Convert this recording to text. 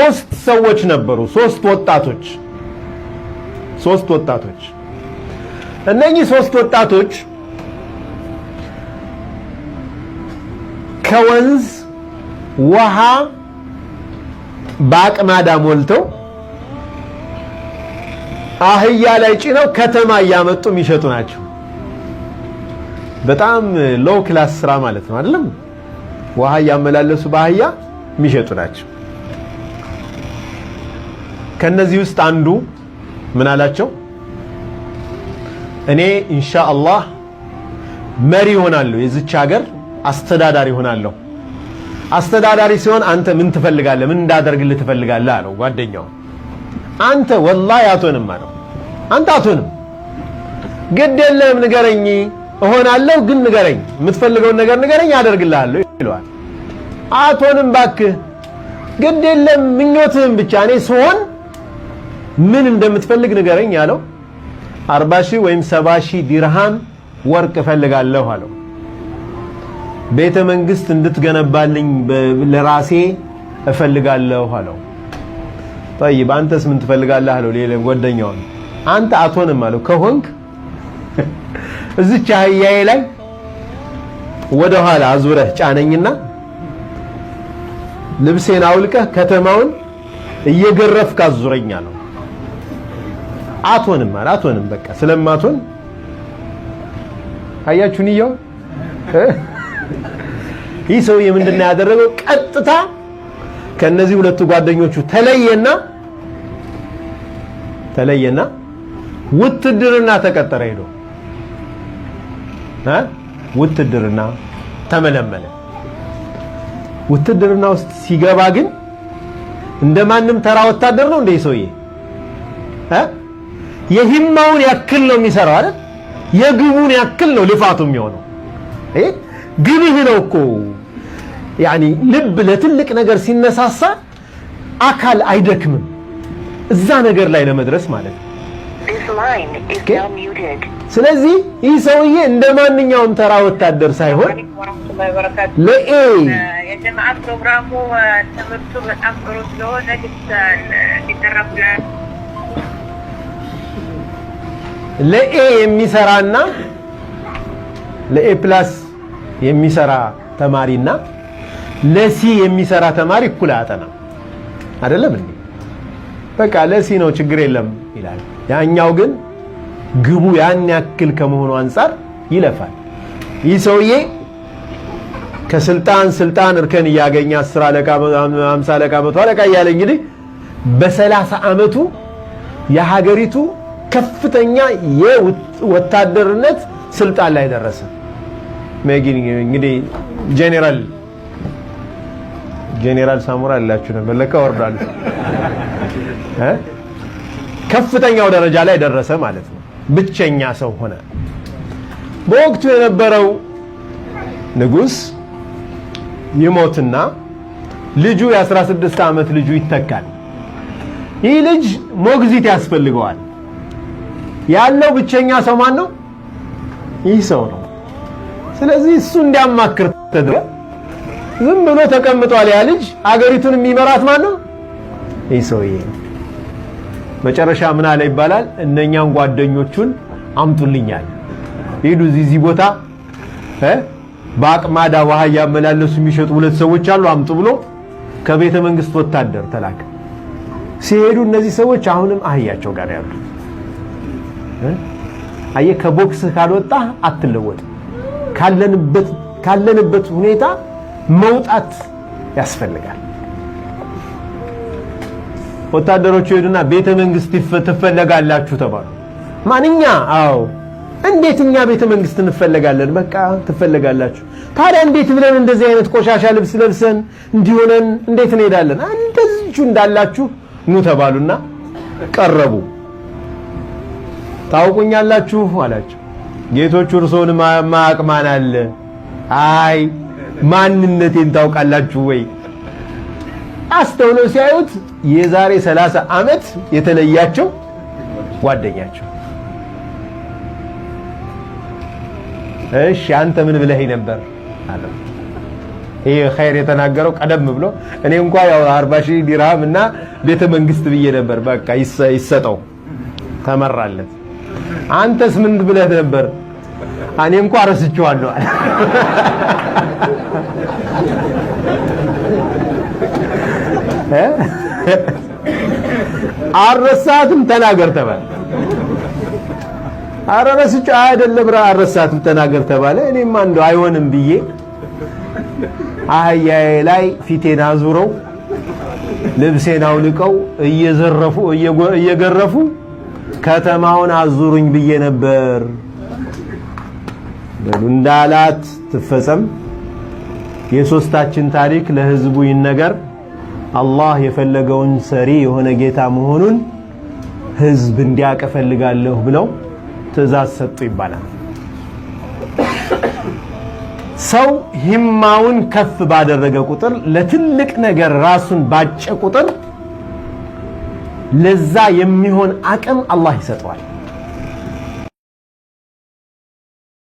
ሶስት ሰዎች ነበሩ። ሶስት ወጣቶች ሶስት ወጣቶች እነኚህ ሶስት ወጣቶች ከወንዝ ውሃ በአቅማዳ ሞልተው አህያ ላይ ጭነው ከተማ እያመጡ የሚሸጡ ናቸው። በጣም ሎው ክላስ ስራ ማለት ነው አይደለም? ውሃ እያመላለሱ በአህያ የሚሸጡ ናቸው። ከነዚህ ውስጥ አንዱ ምን አላቸው? እኔ ኢንሻአላህ መሪ ይሆናለሁ፣ የዚች ሀገር አስተዳዳሪ ይሆናለሁ። አስተዳዳሪ ሲሆን አንተ ምን ትፈልጋለህ? ምን እንዳደርግልህ ትፈልጋለህ? አለው ጓደኛው። አንተ ወላሂ አትሆንም አለው። አንተ አትሆንም፣ ግድ የለም ንገረኝ፣ እሆናለሁ፣ ግን ንገረኝ፣ የምትፈልገውን ነገር ንገረኝ፣ አደርግልሃለሁ ይለዋል። አትሆንም ባክህ፣ ግድ የለም ምኞትህም ብቻ እኔ ስሆን ምን እንደምትፈልግ ንገረኝ አለው። አርባ ሺህ ወይም ሰባ ሺህ ዲርሃም ወርቅ እፈልጋለሁ አለው። ቤተ መንግስት እንድትገነባልኝ ለራሴ እፈልጋለሁ አለው። ጠይብ አንተስ ምን ትፈልጋለህ አለው። ሌላ ጓደኛው አንተ አትሆንም አለው። ከሆንክ እዚች አህያዬ ላይ ወደ ኋላ አዙረህ ጫነኝና ልብሴን አውልቀህ ከተማውን እየገረፍክ አዙረኝ አለው። አትሆንም ማለት አትሆንም። በቃ ስለማትሆን አያችሁን? ይያው ይህ ሰውዬ ምንድን ነው ያደረገው? ቀጥታ ከነዚህ ሁለቱ ጓደኞቹ ተለየና ተለየና ውትድርና ተቀጠረ። ሄዶ ውትድርና ተመለመለ። ውትድርና ውስጥ ሲገባ ግን እንደማንም ተራ ወታደር ነው እንደ ሰውዬ የሂማውን ያክል ነው የሚሰራው አይደል? የግቡን ያክል ነው ልፋቱ የሚሆነው። ግብህ ነው እኮ ያኒ ልብ ለትልቅ ነገር ሲነሳሳ አካል አይደክምም እዛ ነገር ላይ ለመድረስ ማለት ነው። ስለዚህ ይህ ሰውዬ እንደ ማንኛውም ተራ ወታደር ሳይሆን ለኤ uh, የጀማዓ ፕሮግራሙ uh, ትምህርቱ በጣም ጥሩ ስለሆነ uh, ለኤ የሚሰራና ለኤ ፕላስ የሚሰራ ተማሪና ለሲ የሚሰራ ተማሪ እኩል አጠና አይደለም እንዴ? በቃ ለሲ ነው ችግር የለም ይላል። ያኛው ግን ግቡ ያን ያክል ከመሆኑ አንጻር ይለፋል። ይህ ሰውዬ ከስልጣን ስልጣን እርከን እያገኘ 10 አለቃ፣ 50 አለቃ፣ መቶ አለቃ እያለ እንግዲህ በሰላሳ ዓመቱ የሀገሪቱ ከፍተኛ የወታደርነት ስልጣን ላይ ደረሰ። እንግዲህ ጄኔራል ጄኔራል ሳሙራ አላችሁ ነበር ለካ ወርዳሉ። ከፍተኛው ደረጃ ላይ ደረሰ ማለት ነው። ብቸኛ ሰው ሆነ። በወቅቱ የነበረው ንጉስ ይሞትና ልጁ የ16 ዓመት ልጁ ይተካል። ይህ ልጅ ሞግዚት ያስፈልገዋል። ያለው ብቸኛ ሰው ማን ነው? ይህ ሰው ነው። ስለዚህ እሱ እንዲያማክር ተደረገ። ዝም ብሎ ተቀምጧል። ያ ልጅ አገሪቱን የሚመራት ማን ነው? ይህ ሰውዬ ነው። መጨረሻ ምን አለ ይባላል? እነኛን ጓደኞቹን አምጡልኛል ሄዱ። እዚህ ቦታ በአቅማዳ ውሃ እያመላለሱ የሚሸጡ ሁለት ሰዎች አሉ፣ አምጡ ብሎ ከቤተ መንግስት ወታደር ተላከ። ሲሄዱ እነዚህ ሰዎች አሁንም አህያቸው ጋር ያሉት አየ ከቦክስ ካልወጣ አትለወጥ። ካለንበት ካለንበት ሁኔታ መውጣት ያስፈልጋል። ወታደሮቹ ሄዱና ቤተ መንግስት ትፈለጋላችሁ ተባሉ። ማንኛ? አዎ። እንዴት እኛ ቤተ መንግስት እንፈለጋለን? በቃ ትፈለጋላችሁ። ታዲያ እንዴት ብለን እንደዚህ አይነት ቆሻሻ ልብስ ለብሰን እንዲሆነን እንዴት እንሄዳለን? እንደዚሁ እንዳላችሁ ኑ ተባሉና ቀረቡ። ታውቁኛላችሁ አላቸው። ጌቶቹ እርሶን ማቅ ማን አለ? አይ ማንነቴን ታውቃላችሁ ወይ? አስተውለው ሲያዩት የዛሬ ሰላሳ ዓመት የተለያቸው ጓደኛቸው። እሺ አንተ ምን ብለህ ነበር አለው። ይሄ ኸይር የተናገረው ቀደም ብሎ እኔ እንኳ ያው 40 ሺህ ዲርሃም እና ቤተ መንግስት ብዬ ነበር። በቃ ይሰጠው ተመራለት። አንተስ ምን ብለህ ነበር? እኔ እንኳን ረስቼዋለሁ። አረሳትም ተናገር ተባለ። ኧረ ረስቼው አይደለም አረሳትም ተናገር ተባለ። እኔማ እንደው አይሆንም ብዬ አህያዬ ላይ ፊቴን አዙረው ልብሴን አውልቀው እየዘረፉ እየገረፉ ከተማውን አዙሩኝ ብዬ ነበር በሉ እንዳላት ትፈጸም። የሶስታችን ታሪክ ለህዝቡ ይነገር። አላህ የፈለገውን ሰሪ የሆነ ጌታ መሆኑን ህዝብ እንዲያውቅ እፈልጋለሁ ብለው ትዕዛዝ ሰጡ ይባላል። ሰው ሂማውን ከፍ ባደረገ ቁጥር ለትልቅ ነገር ራሱን ባጨ ቁጥር ለዛ የሚሆን አቅም አላህ ይሰጠዋል።